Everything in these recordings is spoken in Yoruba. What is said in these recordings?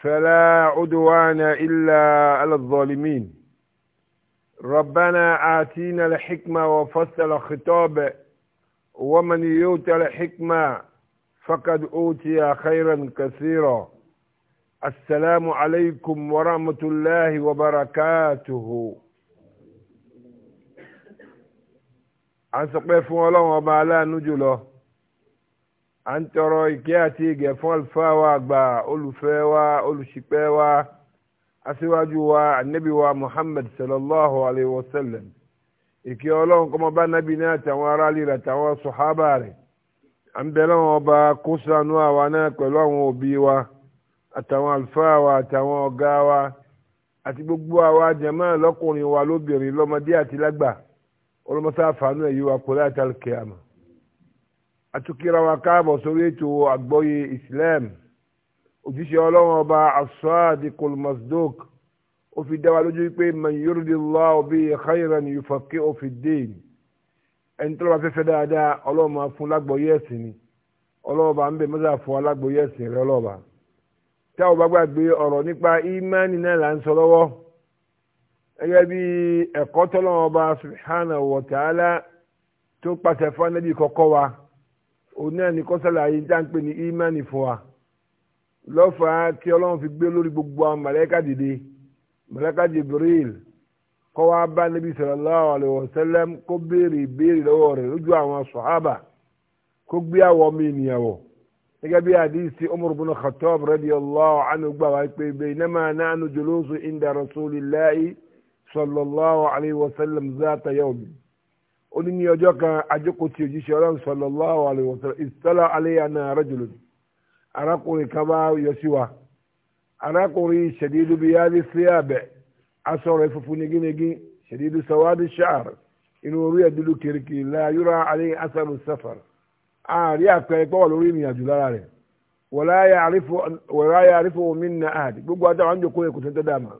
فلا عدوان إلا على الظالمين ربنا آتينا الحكمة وفصل الخطاب ومن يؤت الحكمة فقد أوتي خيرا كثيرا السلام عليكم ورحمة الله وبركاته عن سقف الله وما نجله à ń tọrọ ìkẹ́ àti ìgẹ̀ fún àlùfáà wa àgbà olùfẹ́ wa olùṣìpẹ̀ wa aṣíwájú wa ànábì wa muhammad sallallahu alayhi wa sallam ìkẹ́ ọlọ́run kọ́mọ bá nábì náà tàwọn aráàlú rẹ̀ tàwọn sọ̀hábà rẹ̀ à ń bẹ̀rẹ̀ wọn ọba kó ṣàánú àwa náà pẹ̀lú àwọn òbí wa àtàwọn àlùfáà wa àtàwọn ọ̀gá wa àti gbogbo àwa jẹ̀mọ́ lọ́kùnrin wa lóbìnrin lọ́mọdé àti lágbà ọlọ́mọsáfàánú ẹ̀yí wa kò láti àlùkìyámà atukira wa káàbọ̀ sórí ètò àgbọ́yé islam òjíṣẹ́ ọlọ́run ọba as-sadiqul masduq ó fi dá wa lójú pé man yuridillahu bihi khayran yufaqihu fid-din ẹni tó lọ́ba fẹ́fẹ́ dáadáa ọlọ́run máa fún lágbọ́yé ẹ̀sìn ni ọlọ́run ọba ń bẹ mọ́tà fún alágbọ́yé ẹ̀sìn rẹ ọlọ́ba tí a ò bá gbàgbé ọ̀rọ̀ nípa ìmánì náà là ń sọ lọ́wọ́ gẹ́gẹ́ bí ẹ̀kọ́ tọ́lọ́run ọba subhanahu wa ta'ala tó pàṣẹ fún anábì kọ́kọ́ wa òun náà ni kọ́sálà yìí tá à ń pè ní ìmánì fún wa lọ́fàá tí ọlọ́run fi gbé lórí gbogbo àwọn màláíkà dìde màláíkà Jibril kó wá bá Nabi sallallahu alaihi wasallam kó béèrè ìbéèrè lọ́wọ́ rẹ̀ lójú àwọn sàhábà kó gbé àwọ̀ mi ìnìyàwó gẹ́gẹ́ bí àdìsí Umar ibn Khattab radiyallahu anhu gbà wá pé baynama nahnu julusun inda rasulillahi sallallahu alaihi wasallam zata yawmin ó ní ní ọjọ́ kan ajókòtì òjíṣẹ́ ọlọ́run sallallahu alaihi wasallam istala alayna rajulun arákùnrin kan bá yọ sí wa arákùnrin shadidu biyadi síyàbẹ̀ aṣọ rẹ̀ funfun nigínigí shadidu sawadi sha'r inú orí ẹ̀ dúdú kirikiri la yura alayhi asaru safar àárí àpẹẹrẹ pọ́wọ́ lórí ìrìnàjò lára rẹ̀ wala ya'rifu minna ahad gbogbo adáwọn àjòkó ẹ̀kọ́ tó dáa mà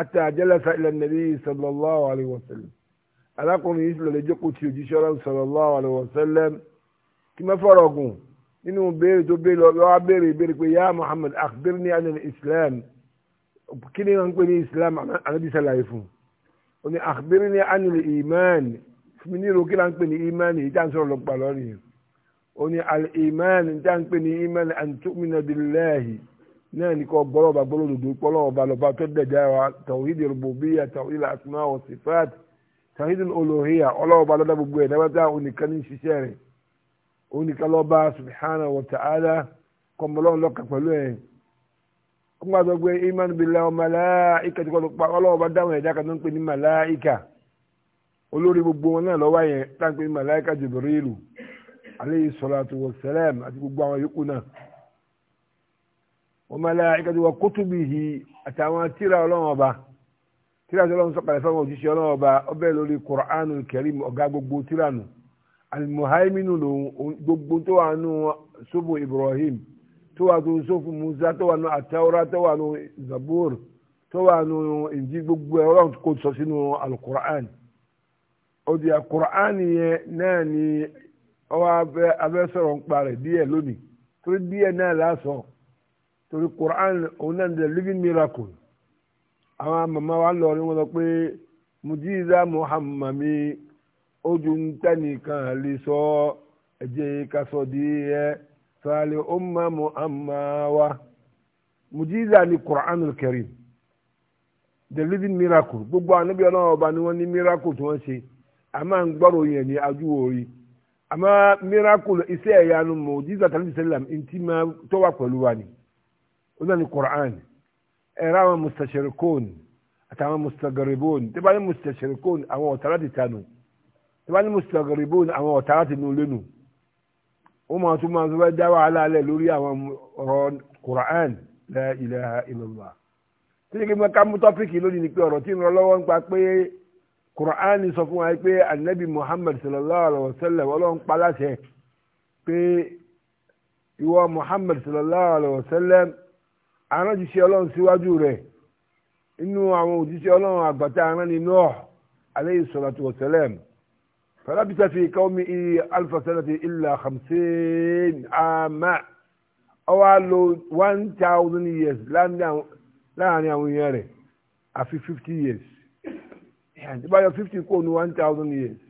àti àjẹlẹsà ila nabi sallallahu alaihi arákùnrin yìí lọ́lẹ̀ jókòó ti òjíṣẹ́ ọlọ́run sallallahu alaihi wasallam kí má fọ̀rọ̀ gùn nínú béèrè tó béèrè lọ́wọ́ béèrè béèrè pé yá Muhammad akhbirni an al-Islam kí ni wọ́n ń pè ní Islam anábì sàlàyé fún un ní akhbirni an al-iman fún mi ní ìrò kí là ń pè ní iman yìí tá à ń sọ̀rọ̀ lọ́pàá lọ́rì yìí ó ní al-iman tá à ń pè ní iman an tu'mina billahi náà ní kọ́ gbọ́lọ́ba gbọ́lọ́dọ̀dọ̀ gbọ́lọ́ba lọ́ba tó dẹ̀ dára wa sifat tawhidul uluhiyya ọlọ́wọ́ bá lọ́dá gbogbo ẹ̀ dábàtà onìkan ní ṣiṣẹ́ rẹ̀ onìkan lọ́ bá subhanahu wa ta'ala kọmọlọ́run lọ́kà pẹ̀lú ẹ̀ wọ́n máa sọ pé iman billahi màláìka tí ọlọ́wọ́ bá dáhùn ẹ̀dá kan tó ń pè ní màláìka olórí gbogbo wọn náà lọ́wọ́ yẹn tá ń pè ní màláìka Jibrilu aleyhi salatu wa salam àti gbogbo àwọn yòókù náà wọ́n màláìka tí wọ́n kutubihi àtàwọn tíra ọlọ́wọ́ tíra tí ọlọ́run sọ̀kalẹ̀ fẹ́ wọn òjíṣẹ́ ọlọ́run ọba ọbẹ̀ lórí kur'anu kẹrim ọ̀gá gbogbo tíra nù alimuhaiminu lòun gbogbo tó wà nù sófù ibrahim tó wà nù sófù musa tó wà nù atawura tó wà nù zabur tó wà nù ìjì gbogbo ọlọ́run kò sọ sínú alukur'an òdì alukur'an yẹn náà ni ọwọ́ abẹ́ sọ̀rọ̀ ń parẹ́ díẹ̀ lónìí torí díẹ̀ náà lásọ̀ torí kur'an òun náà ń dẹ̀ living miracle àwọn màmá wa ń lọ rí wọn lọ pé mujiza muhammami ojú ń tẹnìkan lè sọ ẹjẹ kasọ di ẹ sàlẹ ọmọ muhammad wa mujiza ni quranul karim the living miracle gbogbo anabi ọlọ́run ọba ni wọ́n ní miracle tí wọ́n ṣe a máa ń gbọ́rọ̀ yẹn ní ajú orí àmọ́ miracle iṣẹ́ ẹ̀yà nu mujiza tàbí sẹ́lẹ̀m ntí máa tọ́wà pẹ̀lú wa ni ó náà ni quran ẹ̀rọ àwọn mustachirikon àtàwọn mustagaribon tí bá ní mustachirikon àwọn ọ̀tá láti tanù tí bá ní mustagaribon àwọn ọ̀tá láti nu lẹ́nu ó máa tún máa tún bá dá wàhálà alẹ́ lórí àwọn ọ̀rọ̀ Qur'an la ilaha illallah tí ní kí n bá ká mú tọ́pìkì lónìí ni pé ọ̀rọ̀ tí ń rọ lọ́wọ́ ń pa pé Qur'an sọ fún wa pé anabi Muhammad sallallahu alaihi wa sallam ọlọ́run pa láṣẹ pé ìwọ Muhammad sallallahu alaihi wa sallam aránjíṣẹ́ ọlọ́run síwájú rẹ̀ inú àwọn òjíṣẹ́ ọlọ́run àgbàtà aránni Nuh alayhi salatu wa salam falabitha fi qawmihi alfa sanati illa khamsin ama ọwọ́ lo one thousand years láàrin àwọn èèyàn rẹ̀ àfi fifty years ìbáyọ̀ fifty kò ní one thousand years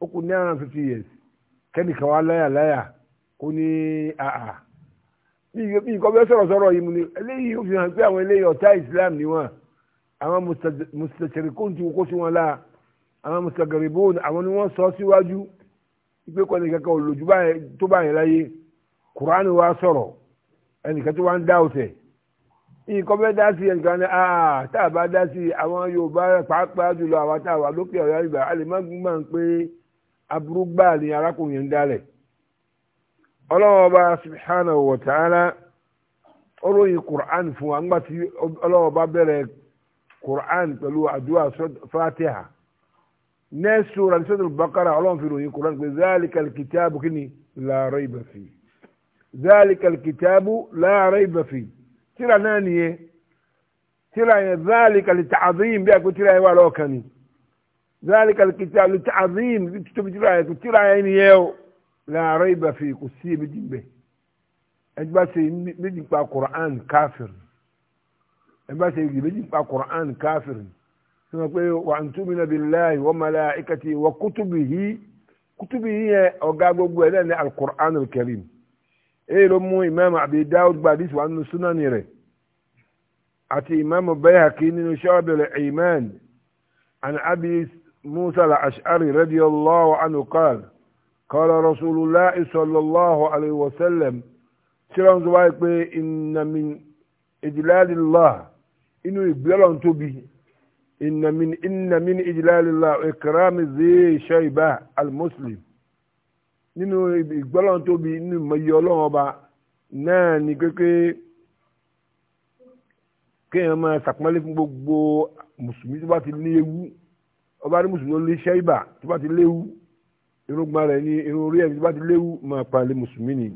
ó kù ní àrùn fifty years kẹ́nìkan wá láyà láyà kò ní àà bí ikọ̀ bẹ́ẹ̀ sọ̀rọ̀ sọ̀rọ̀ yìí mu ni eléyìí ó fi hàn pé àwọn eléyìí ọ̀tá islam ni wọ́n àwọn mùsùlùmí ti kó sí wọn láà àwọn mùsùlùmí àwọn ni wọ́n sọ síwájú ipe kọ́ ni kankan olójú tó bá yẹn láyé kuraani wa sọ̀rọ̀ ẹnìkan tó wá ń dá ọ̀sẹ̀ ikọ̀ bẹ́ẹ̀ dá sí ẹnìkan ní aa tá a bá dá sí àwọn yorùbá pàápàá jùlọ àwa tá a wà lókè ọ̀yá ìgbà alẹ́ ọlọ́wọ́ba subhanahu wa ta'ala ọlọ́yin qur'an fún wa ńgbà tí ọlọ́wọ́ba bẹ̀rẹ̀ qur'an pẹ̀lú àdúrà fatiha next surah suratul baqara ọlọ́wọ́n fi ròyìn qur'an pé zalikal kitabu kí ni la rayba fi zalikal kitabu la rayba fi tíra náà nìyẹn tíra yẹn zalikal ta'zim bí a kò tíra yẹn wà lọ́ọ̀kan ni zalikal kitabu ta'zim tóbi tíra yẹn kò tíra yẹn nìyẹn o la rayba fi kò sí méjì bẹ ẹni bá ṣe méjì pa quran káfíìn ẹni bá ṣe méjì pa quran káfíìn sọ ma pé wa an tumina billahi wa malaikati wa kutubihi kutubihi yẹ ọ̀gá gbogbo ẹ̀ lẹ́nu al-Qur'an al-Karim èyí ló mú imam abi dawud gbadis wa nínú sunan rẹ̀ àti imam bayhaqi nínú shu'abul iman an abi musa al-ash'ari radiyallahu anhu qala. قال رسول الله صلى الله عليه وسلم سيران زواي بي ان من اجلال الله انه يبلون توبي ان من ان من اجلال الله اكرام ذي شيبه المسلم nínú ìgbọ́lọ́n tóbi nínú ìmọ̀yé ọlọ́run ọba náà ni kéke kéèyàn máa ṣàpọ́nlé fún gbogbo mùsùlùmí tó bá ti léwu ọba ní mùsùlùmí tó lé ṣẹ́yìbà tó bá ti léwu irúgbọ́n rẹ̀ ní irun orí ẹ̀ bá ti léwu máa palẹ̀ mùsùlùmí ni.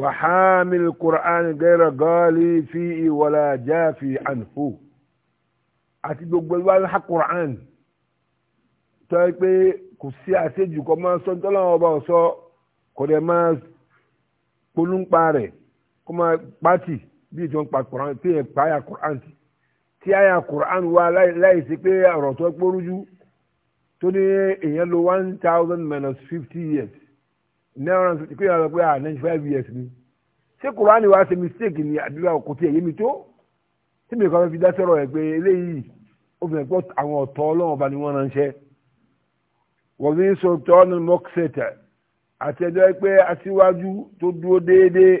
wàhámìlì kùránì gẹ́rẹ́ gọ́ọ̀lì fi ìwọlá jáfi ànfò àti gbogbo wàhálà kùránì tọ́ ẹ pé kò sí àṣejù kọ́ máa sọ nítorí àwọn ọba ọ̀sọ́ kò dẹ̀ máa polúńpa rẹ̀ kó máa pàtì bí ìjọ ń pa kùránì tí ẹ̀ pààyà kùránì tí àyà kùránì wá láì sí pé ọ̀rọ̀ tó pórújú tó ní èèyàn lo one thousand minus fifty years náírà kí èèyàn lọ pé ah ninety five years ni ṣé kùránì wa ṣe mistake ni àdúrà kò tiẹ̀ yé mi tó tí mi kàn fi dá sọ̀rọ̀ ẹ̀ pé eléyìí ó fi hàn pé àwọn ọ̀tọ̀ ọlọ́run ọba ni wọ́n ránṣẹ́ wọ́n fi ń sọ tọ́ọ̀nù mọ́kṣẹ̀tà àti ẹjọ́ pé aṣíwájú tó dúró déédéé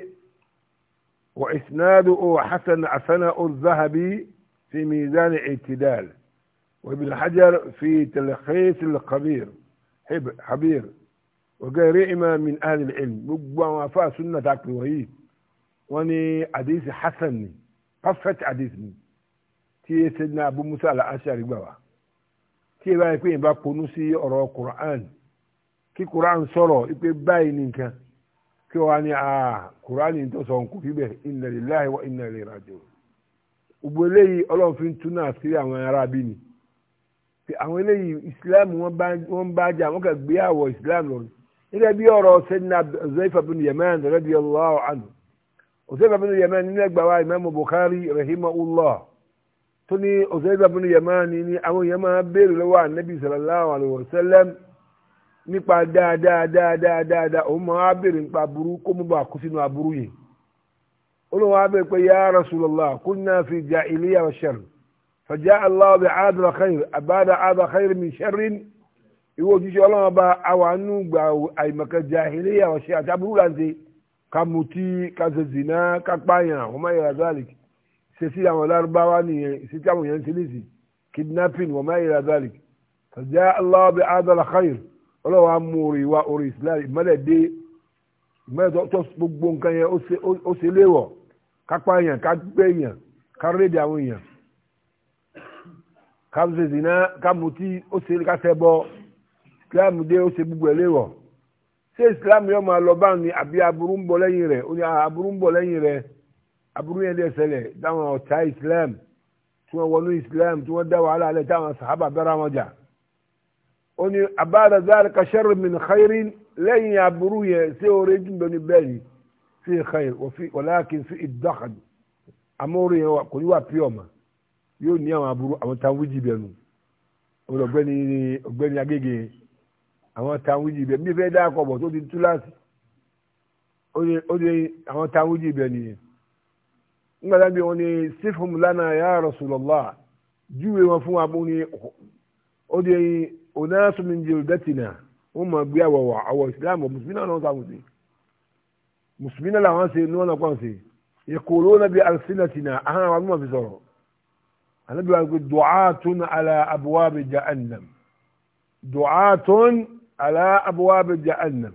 wọ́n ìsìnàdù ó hasan asana ó zahabi fi mizan ìtìdáàlì. وابن حجر في تلخيص الخبير حبير وغيرهما من أهل العلم gbogbo àwọn afá súnà tá a pè wọ̀nyí wọ́n ní àdéhìsì hasan ni perfect àdéhìsì ni tí e ṣe ní abu musa al-ashari gbà wá tí e báyìí pé yẹn bá ponú sí ọ̀rọ̀ quran kí quran sọ̀rọ̀ ipe báyìí nìkan kí wọ́n á ní a quran yìí tó sọ nkùn fíbẹ̀ inna lillahi wa inna ilayhi raji'un gbogbo eléyìí ọlọ́run fi ń túnà sí àwọn arábí ni àwọn eléyìí islam wọ́n bá jà wọ́n kà gbé àwọ̀ islam lọ nígbà bí ọ̀rọ̀ sẹ́dínà zayfa bin yemen radiyallahu anhu òsèlè bin yemen nínú ẹgbàá wa imam bukhari rahimahullah tó ní òsèlè bin yemen ní àwọn èèyàn máa béèrè lọ́wọ́ anabi sallallahu alayhi wa sallam nípa dáadáa dáadáa dáadáa òun máa béèrè nípa aburú kó mú bá kó sínú aburú yìí olùwà bẹ pé ya rasulallah kunna fi ja'iliya wa sharr فجاء الله بعاد خير بعد عاد خير من شر ìwọ òjíṣẹ́ ọlọ́run ọba àwọn àánú gba àìmọ̀kan jahiliya àwọn ṣe àti aburú láǹṣe ká mutí ká ṣe zìnà ká pààyàn àwọn ọmọ ìyàrá zalik ṣe sí àwọn lárúbáwá nìyẹn ṣe tí àwọn èèyàn ń ṣe lè sí kidnapping wọ́n máa ìyàrá zalik ṣàjá Allah bi adala khair ọlọ́run á mú orí wa orí islam ìmọ̀lẹ̀ dé ìmọ̀lẹ̀ tó gbogbo nǹkan yẹn ó ṣe léwọ̀ ká pààyàn ká gbẹ̀yàn ká rédè àwọn èèyàn ká ṣe zina ká mutí ó ṣe ká ṣe bọ islam dé ó ṣe gbogbo ẹ̀ léwọ̀ ṣé islam yóò máa lọ báwọn ni àbí aburú ń bọ̀ lẹ́yìn rẹ̀ ó ní ah, aburú ń bọ̀ lẹ́yìn rẹ̀ aburú yẹn dẹ̀ ṣẹlẹ̀ dáwọn ọ̀tá islam tí wọ́n wọnú islam tí wọ́n dá wàhálà alẹ́ táwọn sàhábà bẹ́rẹ̀ wọn jà ó ní abáàdà ka sharri min khairin lẹ́yìn aburú yẹn ṣé oore jù lọ ní bẹ́ẹ̀ ni fi khair walakin fi ìdọ́kàn amóore yẹn kò ní wà pí ọ̀mà yóò ní àwọn aburú àwọn tá wíjì bẹ́ẹ̀ nù ọ̀gbẹ́ni ọ̀gbẹ́ni agége àwọn tá wíjì bẹ́ẹ̀ mi fẹ́ dáa kọ̀bọ̀ tó ti tú láti ó di àwọn tá wíjì nìyẹn nígbà tá bí wọn ni sífùm lánàá ya Rasulullah júwe wọn fún wa bó ni ó di onásùnmí jildatina wọn máa gbé àwọ̀ wà àwọ̀ Islam mùsùlùmí náà náà sáwọn sí mùsùlùmí náà làwọn ṣe ní wọn náà kàn ṣe ìkòrò náà bí alsinatina àhán àwọn àbúmọ̀ fi sọ̀rọ̀ anabi wa ko du'atun ala abwabi jahannam du'atun ala abwabi jahannam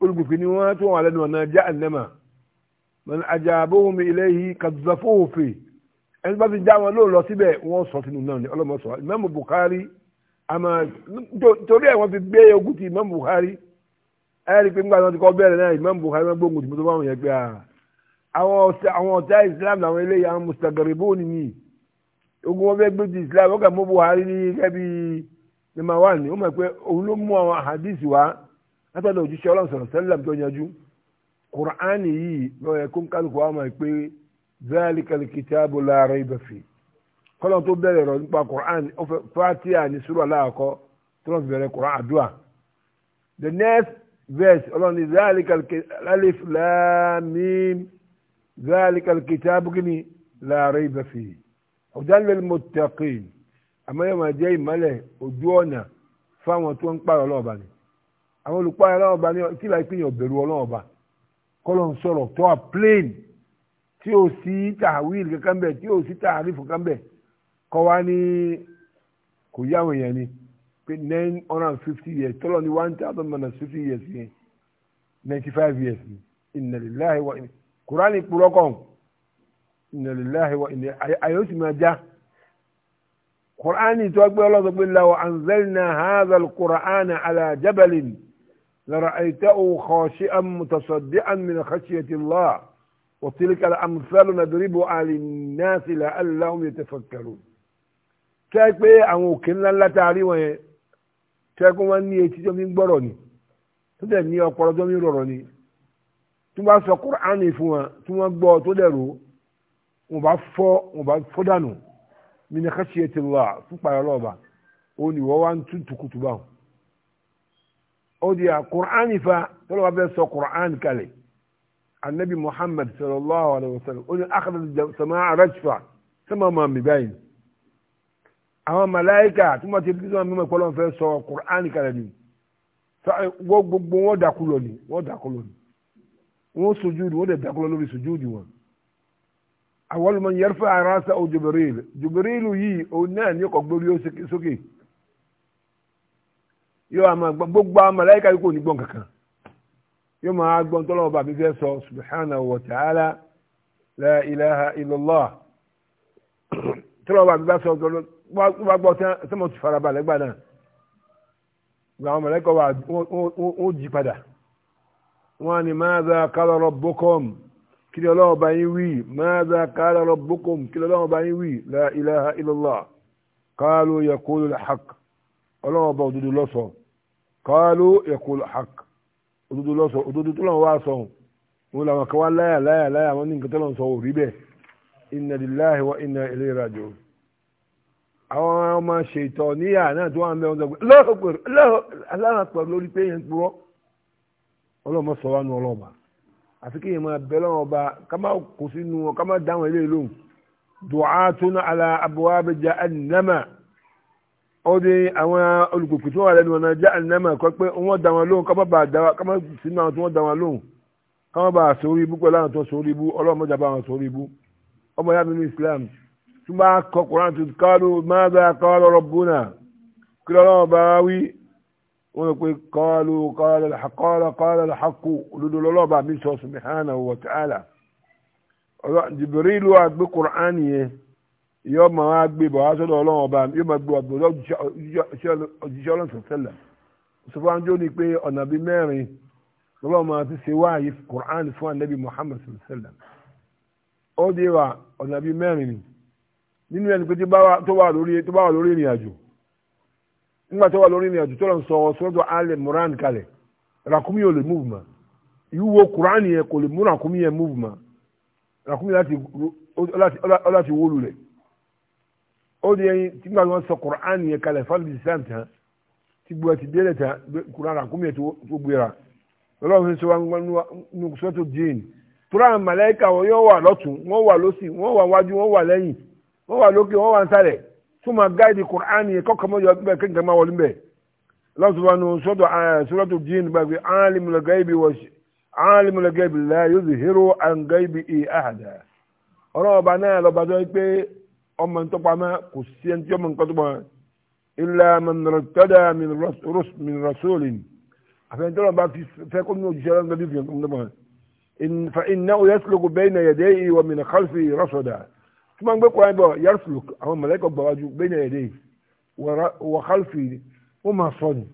olùgbòkè ni wọn tún wà lẹ́nu ọ̀nà jahannama man ajabuhum ilayhi kadzafuhu fi ẹni bá ti já wọn lóò lọ síbẹ̀ wọ́n sọ sínú náà ni ọlọ́mọ sọ imam bukhari àmà torí ẹ̀ wọ́n fi gbé ogun ti imam bukhari ẹ̀ rí i pé nígbà tí wọ́n ti kọ́ bẹ̀rẹ̀ náà imam bukhari wọ́n gbógun tìmọ́tò báwọn yẹn gbé a ah, àwọn ọ̀tá islam làwọn eléyìí àwọn mustagaribu nìyí ogun wọn fẹ́ gbé ti islam ọkà mọ́ buhari ní kẹ́bí nàmbà wà ní ó mọ̀ pé òun ló mú àwọn hadith wá látọ̀dọ̀ òjíṣẹ́ ọlọ́run sọ̀rọ̀ sẹ́lẹ̀m tó yanjú kùránì yìí lọ yẹ kó ń kálukú wa mọ̀ pé zalikal kitabu la rayba fi kọ́lọ́n tó bẹ̀rẹ̀ rọ̀ nípa kùránì fatia ní sùrọ̀ aláàkọ́ tó lọ́n fi bẹ̀rẹ̀ kùránì the next verse ọlọ́run ní zalikal alif lam mim zalikal kitabu kini la rayba fi hudan lil muttaqin àmọ́ yóò máa jẹ́ ìmọ́lẹ̀ ojú ọ̀nà fáwọn tó ń pààrọ̀ ọlọ́ọ̀bà ni àwọn olùpààrọ̀ ọlọ́ọ̀bà ni kí láì pín yàn bẹ̀rù ọlọ́ọ̀bà kọ́lọ̀ ń sọ̀rọ̀ tó à plain tí ò sí tàwíìl kankan bẹ̀ tí ò sí tàrífù kankan bẹ̀ kọ́ wá ní kò yá àwọn èèyàn ni pé nine hundred and fifty years tọ́lọ̀ ní one thousand and fifty years yẹn ninety five years ni inna lillahi wa inna kùránì kúrọ́kọ̀ọ́ ìnàlélàhì wa ìnà àyọ̀ sì máa já kùránì tó gbé ọlọ́dọ̀ pé law anzalna hadha al-Qur'ana ala jabalin lara'aytahu khashi'an mutasaddi'an min khashyati Allah wa tilka al-amthal nadribu lin-nasi la'allahum yatafakkarun. kẹ́ pé àwọn òkè ńláńlá tá a rí wọn yẹn kẹ́ pé wọ́n ní etí tó fi gbọ́rọ̀ ni tó dẹ̀ ní ọpọlọ tó fi ń ni tó bá sọ kùránì fún wọn tó wọ́n gbọ́ tó dẹ̀ rò ó wọn bá fọ́ wọn bá fọ́ dànù min khashyatillah fún pààyà lọ́ọ̀bà ó ní wọ́n wá ń tún tukutu bá wọn. ó di à kùránì fa tọ́lọ́ wa bẹ́ẹ̀ sọ kùránì kalẹ̀ anabi muhammad sallallahu alayhi wa sallam ó ní akhadhat samaa rajfa sama maa mi báyìí àwọn màláìkà tí wọ́n ti bísọ̀ mímọ́ ìpọ́lọ́ fẹ́ sọ kùránì kalẹ̀ ni gbogbo wọn dàkú ni wọn dàkú ni wọn sojú ni wọn dẹ̀ dàkú lórí sojú ni wọn àwọn man yarfa ra'sahu Jibril Jibril yìí òun náà ní ọkọ̀ gbórí sókè yóò àmà gbogbo màláíkà yìí kò ní gbọ́n kankan yóò máa gbọ́n tọ́lọ́wọ́ bàbí fẹ́ sọ subhanahu wa ta'ala la ilaha illallah tọ́lọ́wọ́ bàbí bá sọ wọ́n gbọ́ sẹ́mọ̀ tó farabalẹ̀ gbà náà àwọn màláíkà wà ó jí padà wọ́n á ní madha qala rabbukum kí ni ọlọ́run bá yín wí maza qala rabbukum kí ni ọlọ́run bá yín wí la ilaha illallah qalu yaqulu al-haq ọlọ́run bá òdodo lọ́sọ̀ qalu yaqulu al-haq òdodo lọ́sọ̀ òdodo tó lọ́wọ́ wá sọ wọn làwọn kan wá láyà láyà láyà wọn ní nǹkan tó lọ́wọ́ sọ òrí bẹ́ẹ̀ inna lillahi wa inna ilayhi raji'un àwọn ọmọ ṣètò níyà náà tó wà ń bẹ wọn sọ pé lọ́ọ̀ pẹ̀lú lórí pé yẹn ń purọ́ ọlọ́mọ sọ wá nu ọlọ́mọ àti kí èèyàn máa bẹ lọ́wọ́ ọba ká má kó sínú wọn ká má dáhùn ilé lóhùn du'atun ala abwab jahannama ó di àwọn olùpèpè tó wà lẹ́nu ọ̀nà jahannama kọ́ pé wọ́n dá wọn lóhùn ká má bàa dá wọn ká má sínú àwọn tí wọ́n dá wọn lóhùn ká má bàa sórí ibú pẹ̀lú àwọn tó sórí ibú ọlọ́run mọ́jà bá wọn sórí ibú ọmọ yàrá nínú Islam tún bá kọ Qur'an tó kálù máa bá kọ́ rabbuna kí lọ́wọ́ bá wí wọ́n rẹ̀ pé kọ́ọ̀lù kọ́ọ̀lù haqqu olùdólọ́lọ́ba mi sọ subhanahu wa ta'ala jìbìrìlù àgbé qur'an yẹn yọ ma wá gbé bọ̀ wá sọ́dọ̀ ọlọ́run ọba yọ ma gbé ọ̀dọ̀ òjíṣẹ́ ọlọ́run sọ̀tẹ́lẹ̀ sọfọ́njọ́ ni pé ọ̀nà bíi mẹ́rin lọ́wọ́ máa ti ṣe wáyé qur'an fún anabi muhammad sọ̀tẹ́lẹ̀ ó ọ̀nà bíi mẹ́rin nínú ẹni pé tó bá wà lórí ìrìn àjò nígbà tó wà lórí ìrìn àjò tó lọ sọ sọ́dọ̀ alẹ́ moran kalẹ̀ ràkúnmí ò lè múùfù mọ́ ìwúwo kuraani yẹn kò lè mú ràkúnmí yẹn múùfù mọ́ ràkúnmí láti wó lulẹ̀ ó di ẹyin tí nígbà tó wọ́n sọ kuraani yẹn kalẹ̀ fábílì sàn tán tí gbogbo ti délẹ̀ tán kuraani ràkúnmí yẹn tó gbéra lọ́wọ́ fi sọ wọn nu sọ́tò dín tura àwọn màláíkà wọn yóò wà lọ́tún wọ́n wà lọ́sì wọ́n wà wájú wọ́n wà lẹ́yìn wọ́n wà lókè wọ́n wà nsàlẹ̀ tó máa gáàdì kùránì yẹn kọ́kọ́ mọ́jọ bẹ́ẹ̀ kí nǹkan máa wọlé bẹ́ẹ̀ lọ́sọ̀bánu sọ́dọ̀ sọ́dọ̀ dín gbàgbé alimul gaibi wọ alimul gaibi la yuzhiru an gaibi i ahada ọ̀rọ̀ ọba náà lọ́ba tó pé ọmọ ntọ́pamọ́ kò sí ẹni tí ọmọ nǹkan tó mọ́ illa man irtada min rasulin àfẹnitọ́lọ́ fi fẹ́ kó nínú òjíṣẹ́ lọ́nà tó fi hàn tó mọ́ fa innahu yasluku bayna yadayhi wa min khalfihi rasada tí wọ́n gbé kọ́ra bọ̀ yẹ́rùsùlùk àwọn mọ̀lẹ́kọ̀ gbàwájú bẹ́ẹ̀ náà èdè wàhálfì wọ́n máa sọ ni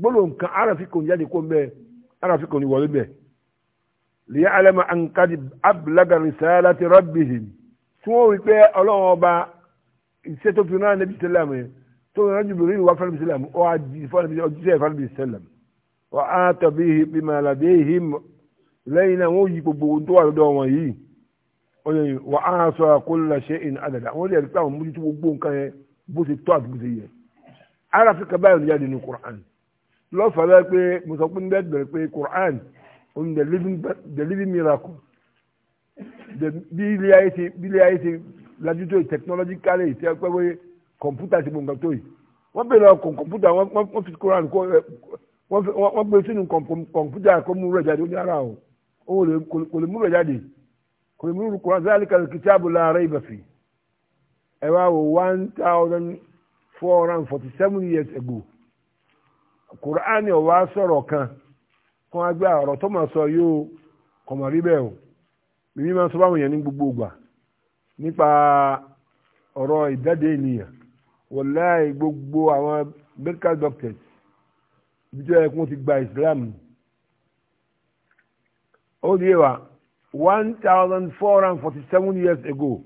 gbọ́dọ̀ nǹkan arafi kò ní jáde kó bẹ́ẹ̀ arafi kò ní wọlé bẹ́ẹ̀ lìyà alẹ́mọ̀ ànkadì abúlága rìsáyà láti rọ́bìhìm tí wọ́n wí pé ọlọ́run ọba iṣẹ́ tó fi rán anabi sẹ́lẹ̀m tó rán jùbìrì wá fẹ́lẹ́m sẹ́lẹ̀m ó wá jí ọjíṣẹ́ fẹ́lẹ́m sẹ́lẹ̀m wọ́n á tọ̀ bí bímọ àlàdé yìí lẹ́yìn náà wọ́n yí gbogbo ohun tó wà lọ́dọ̀ wọn yìí oye wa á sọ àkólà ṣe in adada àwọn olè ẹ̀ríkà àwọn mójútó gbogbo nǹkan yẹn bó ṣe tó àti bó ṣe yẹ ara fi kaba ìrìn jáde ní Quran lọ́fà bẹ́ẹ̀ pé mo sọ pé ń bẹ́ẹ̀ bẹ̀rẹ̀ pé Quran on the living the living miracle the bí ilé ayé ṣe bí ilé ayé ṣe lajú tó yìí technologically ṣe pé wọ́n kọ̀mpútà ṣe gbọ̀ngàn tó yìí wọ́n bẹ̀rẹ̀ ọkọ̀ kọ̀mpútà wọ́n fi Quran kọ́ wọ́n gbé sínú kọ̀mpútà kó mú rẹ̀ jáde ó ní ara o kò lè mú rẹ̀ jáde kùnìmùrù kò azalika kìtàbù la rayba fi ẹ wá wò one thousand four and forty seven years ago kùránì ọ̀wá sọ̀rọ̀ kan kó wá gbé ọ̀rọ̀ tó máa sọ yóò kọ̀mọ̀ rí bẹ́ẹ̀ o bíbí máa sọ báwọn yẹn ní gbogbo ìgbà nípa ọ̀rọ̀ ìdáde ènìyàn wọ̀láì gbogbo àwọn medical doctors ibi tí wọ́n yẹ kí ti gba ìsìlámù ó di èèwà one thousand four hundred forty seven years ago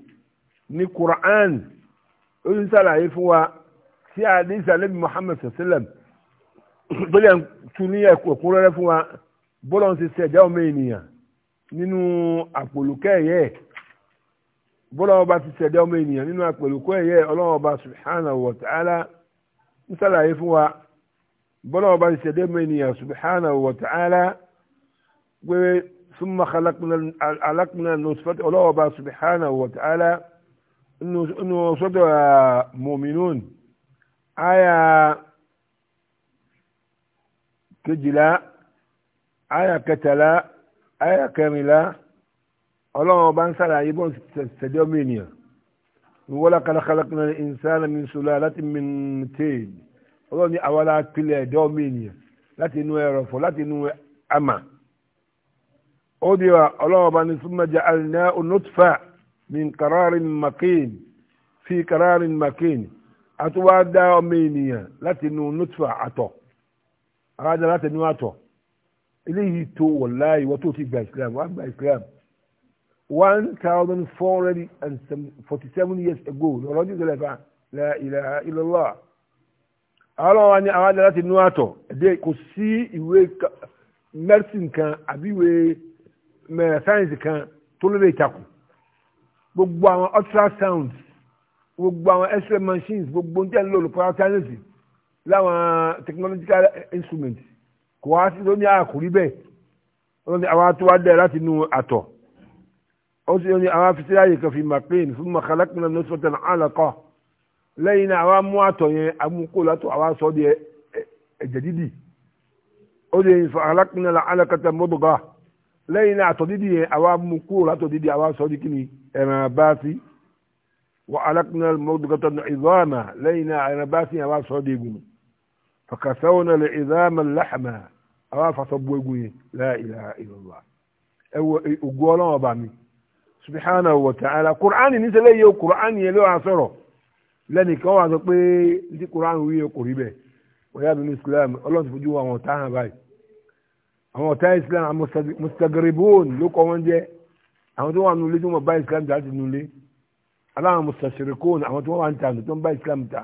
ní Quran ó ń ṣàlàyé fún wa sí àdéhùn àlẹ́bí Muhammad sallam tó lè tún ní ẹ̀kúnrẹ́rẹ́ fún wa bọ́lá ń ṣe ṣẹ̀dá ọmọ ènìyàn nínú àpòlùkẹ́ ẹ̀yẹ́ bọ́lá ọba ti ṣẹ̀dá ọmọ ènìyàn nínú àpòlùkẹ́ ẹ̀yẹ́ ọlọ́run ọba subhanahu wa ta'ala ń ṣàlàyé fún wa bọ́lá ọba ti ṣẹ̀dá ọmọ ènìyàn subhanahu wa ta'ala pé. ثم خلقنا علقنا نطفة الله سبحانه وتعالى انه صدر مؤمنون آية كجلا آية كتلا آية كاملة الله بان سلا يبون ستدوم ولقد خلقنا الإنسان من سلالة من تين الله ني أولا كل دومينيا لا تنوي رفو لا تنوي أما ó di wa ọlọ́wọ́ bá ní súnmọ́ jẹ́ àlìná onótùfà ní kararin makin fi kararin makin àtúwá dá ọmọ ènìyàn láti nu onótùfà àtọ̀ arájà láti nu àtọ̀ eléyìí tó wọ̀láyé wọ́n tó ti gba Islam wọ́n gba Islam one thousand four hundred and forty seven years ago lọ́rọ́ jù sẹ́lẹ̀ fa la ilaha illallah àwọn ọmọ wa ní àwọn àjà láti nu àtọ̀ ẹ̀dẹ́ kò sí ìwé mẹ́rìsì kan àbí ìwé sáyẹnsì kan tó lórí ìtakùn gbogbo àwọn ultrasound gbogbo àwọn x-ray machines gbogbo ń tẹ̀lé olùkọ́ sáyẹnsì láwọn technological instruments kò wá sí lóní àkùrí bẹ́ẹ̀ wọ́n ní àwọn atúwá dẹ̀ láti inú àtọ̀ ó sì ní àwọn afisẹ́ àyè kan fi màpéyìn fún màkàlákùnrin ní sọ́tẹ̀ náà àlàkọ́ lẹ́yìn náà àwọn amú àtọ̀ yẹn amúkó látọ̀ àwọn sọ́ di ẹ̀jẹ̀ dídì ó lè fọ àlákùnrin náà àlàkàtà mọ́dọ̀gá lẹ́yìn náà àtọ̀dídì yẹn àwa mú kúrò látọ̀dídì àwa sọ di kíni ẹ̀ràn bá sí wọ́n alákùnrin mọ́tòkọ́tọ̀ ìzọ́ọ̀mà lẹ́yìn náà ẹ̀ràn bá sí àwa sọ di egun fàkàsáwọn náà lè ìzọ́ọ̀mà láhàmà àwa fàṣọ bu egun yẹn la ilaha ẹ wọ ògùn ọlọ́run ọba mi subhanahu wa ta'ala qur'an ní sẹ́lẹ̀ yẹ qur'an yẹn ló wà sọ̀rọ̀ lẹ́nìkan wà sọ pé ní qur'an wíyẹ kò rí bẹ́ẹ̀ wọ́n yá àwọn ọ̀tá islam mustagribun ló kọ́ wọ́n jẹ́ àwọn tó wà nulẹ̀ tó wọ́n bá islam ta ti nulẹ̀ aláwọn mustashirikun àwọn tó wà ń ta tó ń bá islam ta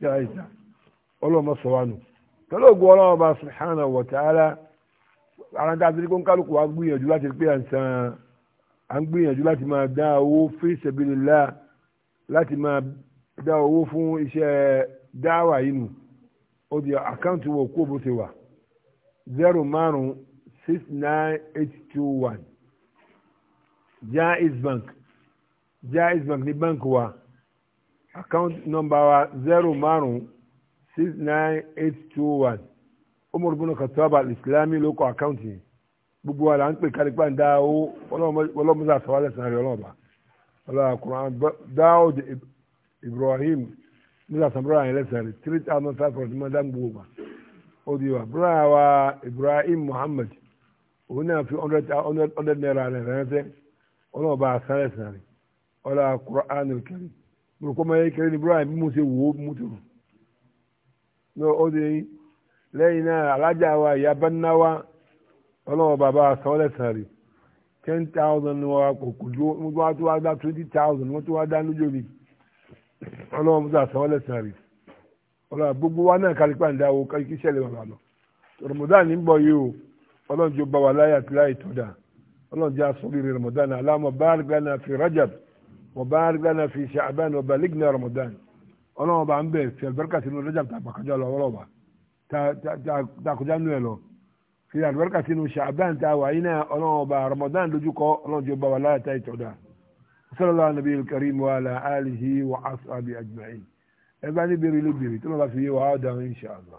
yàrá ìta ọlọ́mọ sọ wa nù tọ́lá ògùn ọlọ́wọ́ bá subhanahu wa ta'ala ara tá a ti rí kó ń kálukú wa gbìyànjú láti pé à ń san à ń gbìyànjú láti máa dá owó fi sabilillah láti máa dá owó fún iṣẹ́ dáwà yìí nù ó di àkáǹtì wọ̀ kó bó ti wà zero márùn-ún six nine eight two one Jaiz Bank Jaiz Bank ní bank wa account number wa zero márùn six nine eight two one Umar bin Khattab al-Islami local kọ account yìí gbogbo wa la ń pè kárí pa ń dá owó ọlọ́mọdé àtàwálẹ̀ sàn rẹ̀ ọlọ́ọ̀bà ọlọ́ọ̀bà Quran Daud Ibrahim nígbà sàn bọ́ra yẹn lẹ́sàn three thousand five hundred mọ́dá gbogbo wa ó di wa bọ́ra Ibrahim Muhammad òun náà fi hundred hundred naira rẹ̀ ránṣẹ́ ọlọ́ọ̀bá àṣálẹ̀ sàn rẹ̀ ọlọ́ Qur'anul Karim mo rò pé ọmọ yẹn kẹrin ní bíra bí mo ṣe wò ó mo ti rò ní ọdún lẹ́yìn náà alájà wa ìyá bánáwá ọlọ́ọ̀bá bá àṣálẹ̀ sàn rẹ̀ ten thousand wa wọn kò kò dúró wọn tó wá dá twenty thousand wọn tó wá dá lójú mi ọlọ́wọ́n musa àṣàwọ́lẹ̀ sàn rè ọlọ́wọ́n gbogbo wa náà kárí pàǹdà wo kí sẹ́lẹ̀ wà lọ Ramadan ní bọ̀ yìí o ọlọ́run jọba wà láyé àti láyé tó dáa ọlọ́run jẹ́ asọ́rìrì ramadan aláwọ̀ báàrígbáná fi rajab wọ̀ báàrígbáná fi ṣàbán wọ̀ bàlígìnà ramadan ọlọ́run bá ń bẹ̀ fi àlùbáríkà sínú rajab tá a gbàkọjá lọ ọlọ́ba tá a kọjá nú ẹ lọ fi àlùbáríkà sínú ṣàbán tá a wà yín náà ọlọ́run bá ramadan lójúkọ ọlọ́run jọba wà láyé àti láyé tó dáa karim wa ala alihi wa ashabi ajma'in ẹ bá ní bèrè ló bèrè bá fi yé wa á dáhùn inṣàlá.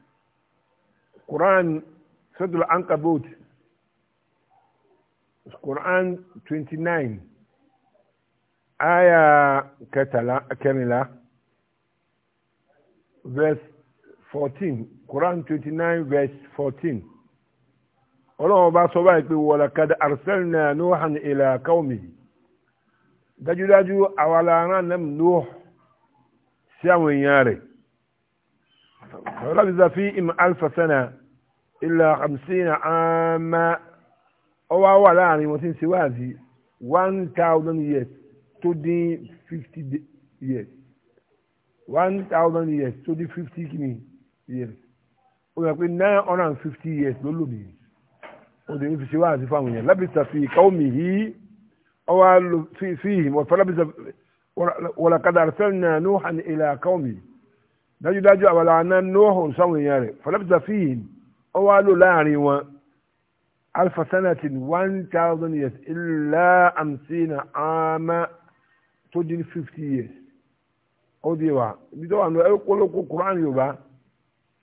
Quran Suratul Ankabut Quran twenty nine aya kẹtàlá kẹrìnlá verse fourteen Quran twenty nine verse fourteen ọlọ́run bá sọ báyìí pé wọ̀lá kadà arsalna nuhan ila qaumihi dájúdájú àwa la rán nam Nuh sí àwọn èèyàn rẹ̀ rabisa fi im alfa sana ilà hamsina ama ọwọ́ wà láàrin wọn tí ń ṣe one thousand years tó dín fifty years one thousand years tó dín fifty kìíní years ó yẹ pé nine hundred and fifty years ló lò nìyí ó dẹ̀ fi ṣe wáàzí fáwọn yẹn lábìsà fi qawmihi ọwọ́ lò fihim wọ́n fẹ́ lábìsà walaqad arsalna nuhan ila qawmihi dájúdájú àbàlà àná nuhun sáwọn yẹn rẹ̀ fọlábìsà fihim ó wá lò láàrin wọn alfa sanatin one thousand years illa amsina ama tó dín fifty years ó di wa ibi tó wà ní ẹ kólókó Quran Yorùbá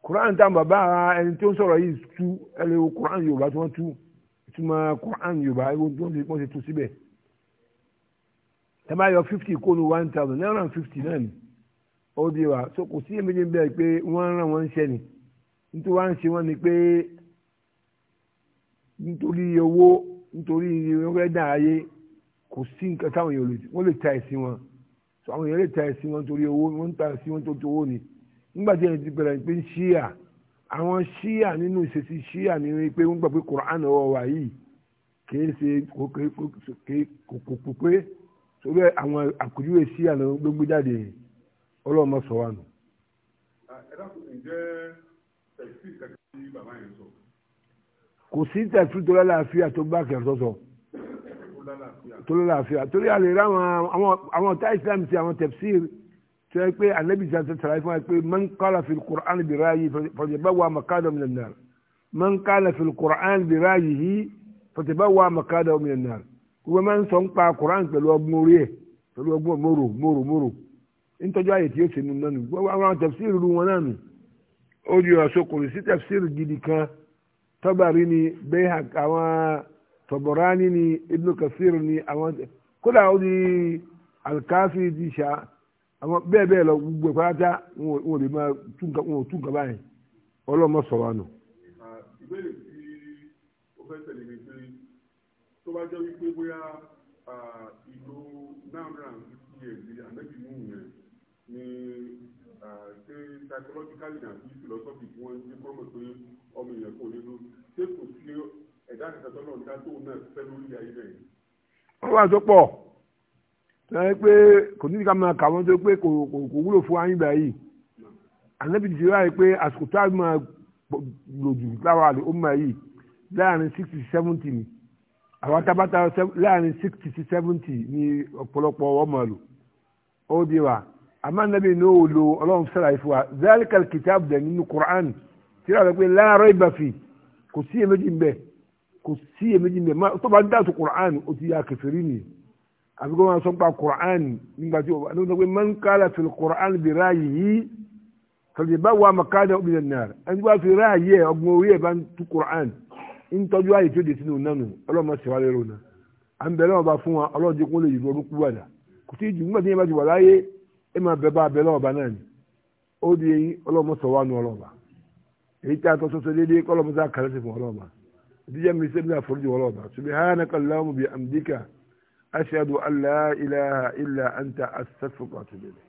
Quran tá bàbá ẹni tó ń sọ̀rọ̀ yìí tú ẹ lè wo Quran Yorùbá tí wọ́n tú ìtumọ̀ Quran Yorùbá ẹ wọ́n ti tú síbẹ̀ tẹ́lẹ̀ ayọ̀ fifty kó nu one thousand nine hundred and fifty náà ó di wa so kò sí èméjì bẹ́ẹ̀ pé wọ́n rán wọn ń ṣẹ́ ni nítorí wá ń ṣe wọ́n ni pé nítorí owó nítorí ìrẹ́dà ayé kò sí nǹkan táwọn èèyàn lè wọ́n lè ta ẹ̀sìn wọn so àwọn èèyàn lè ta ẹ̀sìn wọn torí owó wọ́n ń ta ẹ̀sìn wọn torí owó ni nígbà tí ẹ̀yìn ti bẹ̀rẹ̀ pé ń ṣíà àwọn ṣíà nínú ìṣesí ṣíà ni pé wọ́n gbà pé Quran ọ̀rọ̀ wà yìí kìí ṣe kò pé sórí àwọn àkójúwe ṣíà ló ń gbé jáde ọlọ́run mọ̀ sọ wa nù. ẹ dákun ǹjẹ́ tẹ̀sí nǹkan tí bàbá yẹn sọ. kò sí tẹ̀sí tó lálàáfíà tó gbà kẹ̀tọ́ sọ tó lálàáfíà torí àlè rà àwọn ọ̀tá Islam ti àwọn tẹ̀sí tó yẹ pé anabi sàn ti sàlàyé fún wa pé man qala fil Qur'an bi ra'yi falyabwa maq'adahu minan nar man qala fil Qur'an bi ra'yihi falyabwa maq'adahu minan nar gbogbo máa ń sọ ń pa Qur'an pẹ̀lú ọgbọ́n orí ẹ̀ pẹ̀lú ọgbọ́n mòrò mòrò mòrò ntọ́jú àyè tí yóò ṣe nínú náà nù gbogbo àwọn tẹ̀sí ìrú wọn náà nù ó di ọ̀ṣọ́ kò sí tafsir gidi kan tọ́bàrí ni bẹ́ẹ̀ àwọn tọ̀bọ̀rání ni ibnu kasir ni àwọn kódà ó di alikafi di ṣá àwọn bẹ́ẹ̀ bẹ́ẹ̀ lọ gbogbo ẹ̀ pátá wọn ò lè máa tún nǹkan wọn ò tún nǹkan báyìí ọlọ́mọ sọ̀rọ̀ àná. ìbéèrè tí ó fẹ́ tẹ̀lé mi pé tó bá jẹ́ wípé bóyá ìlú náírà fifty years àmẹ́bí mú yẹn ní Ah, ṣé psychologically na bí philosophy tí wọ́n ní kọ́mọ̀ pé ọmọ èèyàn kò nínú ṣé kò sí ẹ̀dá kẹtàtọ́ náà dá tóun náà fẹ́ lórí ayé rẹ̀. wọ́n wá tó pọ̀ sọ pé kò ní ká máa kà wọ́n tó pé kò wúlò fún ayé ìgbà yìí ànábì ti ráyè pé àsìkò tá a máa lò jù láwa àlè ó máa yìí láàrin sixty seventy ni àwọn tábàtà láàrin sixty seventy ni ọ̀pọ̀lọpọ̀ ọmọ lò ó di wa àmọ́ nàbí ní o lo ọlọ́run sọ̀rọ̀ àyè fún wa zalikal kitab dẹ̀ nínú Qur'an tí a lọ pé la rayba fi kò sí èméjì mbẹ kò sí èméjì mbẹ tó bá ń dàtú Qur'an o ti yà kẹfẹ́rì ni àbí kò máa sọ pa Qur'an nígbà tí o bá nígbà pé man qala fil Qur'an bi ra'yihi fẹ̀lẹ̀bá wa makada obìnrin náà ẹni bá fi ráàyè ọgbọ̀n orí ẹ̀ bá ń tú Qur'an ń tọ́jú ààyè tó dé sínú nánu ọlọ́mọ ṣèwálé rò náà à ń bẹ̀rẹ̀ wọn bá fún wa ọlọ́dún kún lè yìnbọn orúkú wàdà kò sí ìjùmọ̀ tí yẹn bá ti wà láyé ẹ máa bẹ bá abẹ lọ́ọ̀bá náà ni ó di eyín ọlọ́mọsọ wa nu ọlọ́ọ̀bá èyí tí a tọ́ sọ́sọ́ déédéé kọ́ ọlọ́mọsọ àkàrẹ́ sí fún ọlọ́ọ̀bá ìdíjẹ́ mi sẹ́mi náà foríjì ọlọ́ọ̀bá subhanaka allahumma bi amdika ashhadu an la ilaha illa anta astaghfiruka wa atubu ilayk